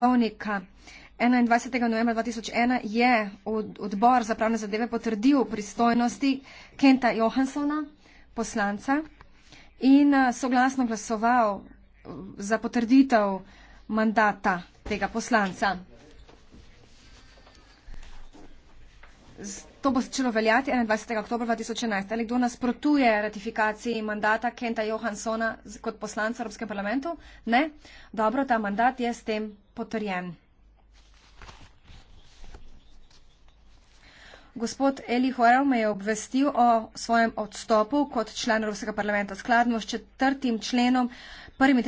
Poslovnika 21. novembra 2001 je odbor za pravne zadeve potrdil pristojnosti Kenta Johanssona, poslanca, in eh, soglasno glasoval eh, za potrditev mandata tega poslanca. To bo začelo veljati 21. oktober 2011. Ali kdo nasprotuje ratifikaciji mandata Kenta Johansona kot poslanca Evropske parlamentu? Ne. Dobro, ta mandat je s tem potrjen. Gospod Eli Horev me je obvestil o svojem odstopu kot član Evropskega parlamenta skladno s četrtim členom, prvim in